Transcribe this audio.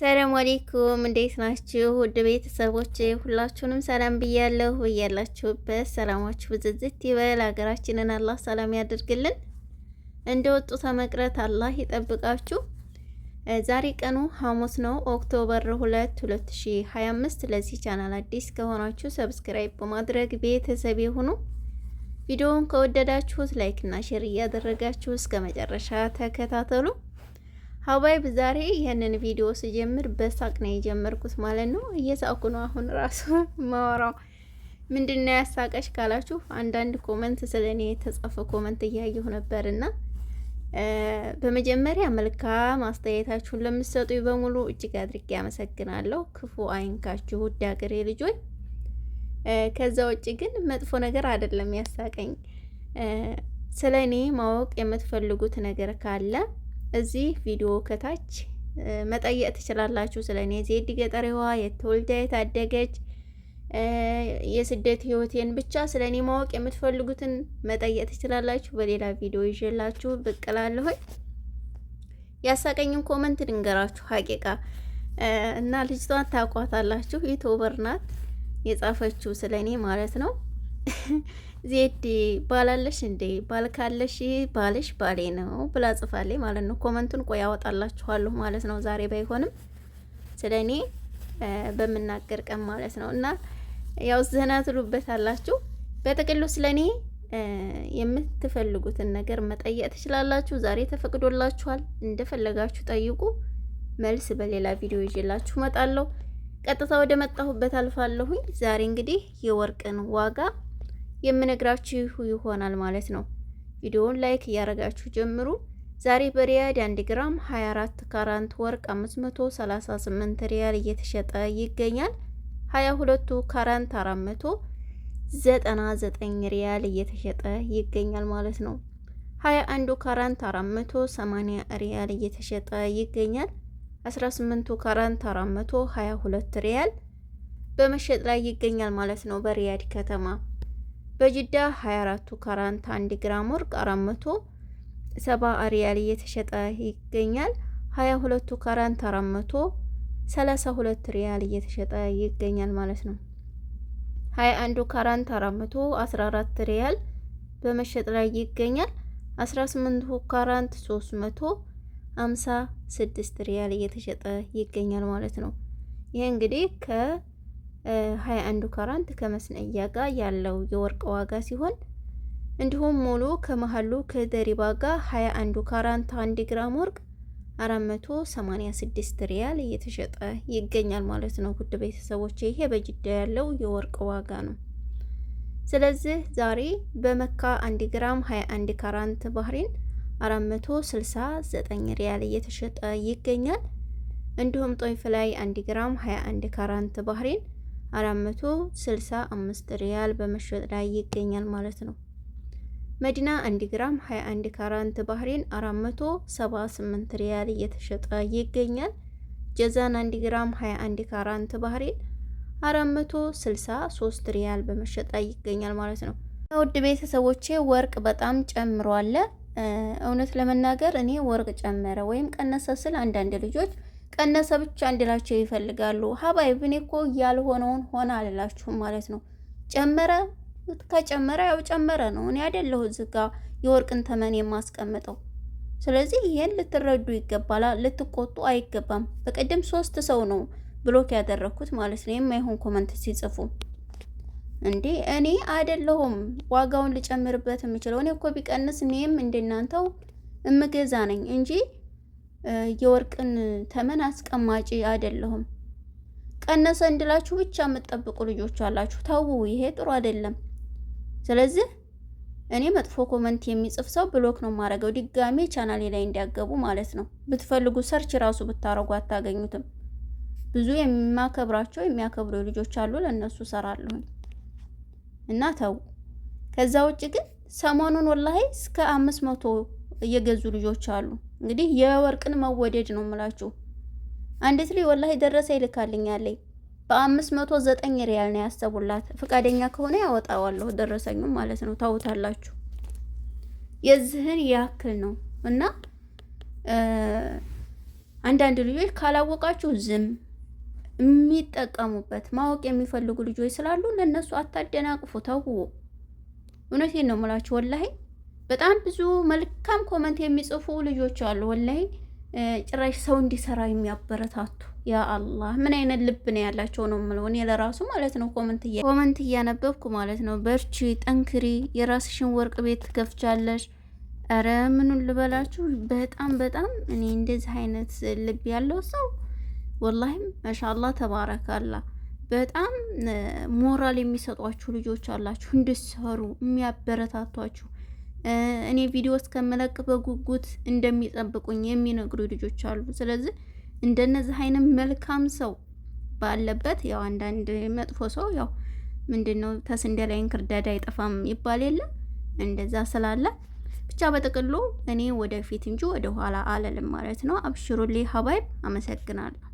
ሰላም አሌይኩም እንዴት ናችሁ? ውድ ቤተሰቦች ሁላችሁንም ሰላም ብያለሁ። ብያላችሁበት ሰላማችሁ ብዝዝት ይበል። ሀገራችንን አላህ ሰላም ያደርግልን። እንደ ወጡ ተመቅረት አላህ ይጠብቃችሁ። ዛሬ ቀኑ ሐሙስ ነው ኦክቶበር 2 2025። ለዚህ ቻናል አዲስ ከሆናችሁ ሰብስክራይብ በማድረግ ቤተሰብ የሆኑ ቪዲዮውን ከወደዳችሁት ላይክ እና ሼር እያደረጋችሁ እስከ መጨረሻ ተከታተሉ። ሀባይብ ዛሬ ይህንን ቪዲዮ ስጀምር በሳቅ ነው የጀመርኩት ማለት ነው። እየሳቁ ነው አሁን ራሱ ማወራው። ምንድን ነው ያሳቀሽ ካላችሁ አንዳንድ ኮመንት ስለ እኔ የተጻፈ ኮመንት እያየሁ ነበርና በመጀመሪያ መልካም አስተያየታችሁን ለምትሰጡኝ በሙሉ እጅግ አድርጌ አመሰግናለሁ። ክፉ አይንካችሁ ውድ ሀገሬ ልጆች። ከዛ ውጭ ግን መጥፎ ነገር አይደለም ያሳቀኝ። ስለ እኔ ማወቅ የምትፈልጉት ነገር ካለ እዚህ ቪዲዮ ከታች መጠየቅ ትችላላችሁ። ስለ እኔ ዜድ ገጠሬዋ የተወልዳ የታደገች የስደት ህይወቴን ብቻ ስለ እኔ ማወቅ የምትፈልጉትን መጠየቅ ትችላላችሁ። በሌላ ቪዲዮ ይዤላችሁ ብቅ እላለሁኝ። ያሳቀኝን ኮመንት ድንገራችሁ ሀቂቃ እና ልጅቷን ታውቋታላችሁ። ዩቱበር ናት የጻፈችው ስለ እኔ ማለት ነው። ዜድ ባላለሽ እንዴ ባል ካለሽ ባልሽ ባሌ ነው ብላ ጽፋለች ማለት ነው። ኮመንቱን ቆይ አወጣላችኋለሁ ማለት ነው። ዛሬ ባይሆንም ስለ እኔ በምናገር ቀን ማለት ነው። እና ያው ዘና ትሉበት አላችሁ። በጥቅሉ ስለ እኔ የምትፈልጉትን ነገር መጠየቅ ትችላላችሁ። ዛሬ ተፈቅዶላችኋል። እንደፈለጋችሁ ጠይቁ። መልስ በሌላ ቪዲዮ ይዤላችሁ እመጣለሁ። ቀጥታ ወደ መጣሁበት አልፋለሁኝ። ዛሬ እንግዲህ የወርቅን ዋጋ የምነግራችሁ ይሆናል ማለት ነው። ቪዲዮውን ላይክ እያደረጋችሁ ጀምሩ። ዛሬ በሪያድ 1 ግራም 24 ካራንት ወርቅ 538 ሪያል እየተሸጠ ይገኛል። 22ቱ ካራንት 499 ሪያል እየተሸጠ ይገኛል ማለት ነው። 21ዱ ካራንት 480 ሪያል እየተሸጠ ይገኛል። 18ቱ ካራንት 422 ሪያል በመሸጥ ላይ ይገኛል ማለት ነው በሪያድ ከተማ በጅዳ 24ቱ ካራንት 1 ግራም ወርቅ 470 ሪያል እየተሸጠ ይገኛል። 22ቱ ካራንት 432 ሪያል እየተሸጠ ይገኛል ማለት ነው። 21ዱ ካራንት 414 ሪያል በመሸጥ ላይ ይገኛል። 18ቱ ካራንት 356 ሪያል እየተሸጠ ይገኛል ማለት ነው። ይህ እንግዲህ ከ 21 ካራንት ከመስነያ ጋር ያለው የወርቅ ዋጋ ሲሆን እንዲሁም ሙሉ ከመሃሉ ከደሪባ ጋር 21 ካራንት 1 ግራም ወርቅ 486 ሪያል እየተሸጠ ይገኛል ማለት ነው። ውድ ቤተሰቦች ይሄ በጅዳ ያለው የወርቅ ዋጋ ነው። ስለዚህ ዛሬ በመካ 1 ግራም 21 ካራንት ባህሪን 469 ሪያል እየተሸጠ ይገኛል። እንዲሁም ጦይፍ ላይ 1 ግራም 21 ካራንት ባህሪን አራት መቶ አምስት ሪያል በመሸጥ ላይ ይገኛል ማለት ነው። መዲና 1 ግራም 21 ካራንት ባህሪን 478 ሪያል እየተሸጠ ይገኛል። ጀዛን 1 ግራም 21 ካራንት ባህሪን 463 ሪያል በመሸጥ ላይ ይገኛል ማለት ነው። ውድ ቤተሰቦቼ ወርቅ በጣም ጨምሯል። እውነት ለመናገር እኔ ወርቅ ጨመረ ወይም ቀነሰ ስል አንዳንድ ልጆች ቀነሰ ብቻ እንድላቸው ይፈልጋሉ። ሀባይ ብኔ እኮ ያልሆነውን ሆነ አልላችሁም ማለት ነው። ጨመረ ከጨመረ ያው ጨመረ ነው። እኔ አይደለሁ እዚህ ጋ የወርቅን ተመን የማስቀምጠው። ስለዚህ ይሄን ልትረዱ ይገባል፣ ልትቆጡ አይገባም። በቀደም ሶስት ሰው ነው ብሎክ ያደረኩት ማለት ነው። የማይሆን ኮመንት ሲጽፉ እንዴ እኔ አይደለሁም ዋጋውን ልጨምርበት የምችለው። እኔ እኮ ቢቀንስ እኔም እንደናንተው እምገዛ ነኝ እንጂ የወርቅን ተመን አስቀማጭ አይደለሁም። ቀነሰ እንድላችሁ ብቻ የምትጠብቁ ልጆች አላችሁ። ተው፣ ይሄ ጥሩ አይደለም። ስለዚህ እኔ መጥፎ ኮመንት የሚጽፍ ሰው ብሎክ ነው የማደርገው። ድጋሜ ቻናሌ ላይ እንዲያገቡ ማለት ነው። ብትፈልጉ ሰርች ራሱ ብታረጉ አታገኙትም። ብዙ የማከብራቸው የሚያከብሩ ልጆች አሉ። ለእነሱ ሰራለሁኝ እና ተው። ከዛ ውጭ ግን ሰሞኑን ወላሂ እስከ አምስት መቶ እየገዙ ልጆች አሉ። እንግዲህ የወርቅን መወደድ ነው የምላችሁ። አንዲት ልጅ ወላሂ ደረሰ ይልካልኛለኝ በአምስት መቶ ዘጠኝ ሪያል ነው ያሰቡላት። ፈቃደኛ ከሆነ ያወጣዋለሁ ደረሰኙ ማለት ነው። ታውታላችሁ የዚህን ያክል ነው እና አንዳንድ ልጆች ካላወቃችሁ ዝም የሚጠቀሙበት ማወቅ የሚፈልጉ ልጆች ስላሉ ለእነሱ አታደናቅፉ። ተው እውነቴን ነው የምላችሁ ወላሂ በጣም ብዙ መልካም ኮመንት የሚጽፉ ልጆች አሉ። ወላይ ጭራሽ ሰው እንዲሰራ የሚያበረታቱ ያ አላህ ምን አይነት ልብ ነው ያላቸው ነው የምለው። እኔ ለራሱ ማለት ነው ኮመንት እያነበብኩ ማለት ነው በርቺ፣ ጠንክሪ፣ የራስሽን ወርቅ ቤት ትከፍቻለሽ። ኧረ ምኑን ልበላችሁ በጣም በጣም እኔ እንደዚህ አይነት ልብ ያለው ሰው ወላሂም ማሻአላ ተባረካላ። በጣም ሞራል የሚሰጧችሁ ልጆች አላችሁ እንድትሰሩ የሚያበረታቷችሁ እኔ ቪዲዮ እስከምለቅ በጉጉት እንደሚጠብቁኝ የሚነግሩ ልጆች አሉ። ስለዚህ እንደነዚህ አይነት መልካም ሰው ባለበት ያው አንዳንድ መጥፎ ሰው ያው ምንድን ነው ተስንዴ ላይ እንክርዳድ አይጠፋም ይባል የለም እንደዛ ስላለ ብቻ በጥቅሉ እኔ ወደፊት እንጂ ወደኋላ አለልም ማለት ነው። አብሽሩልኝ ሀባይብ አመሰግናለሁ።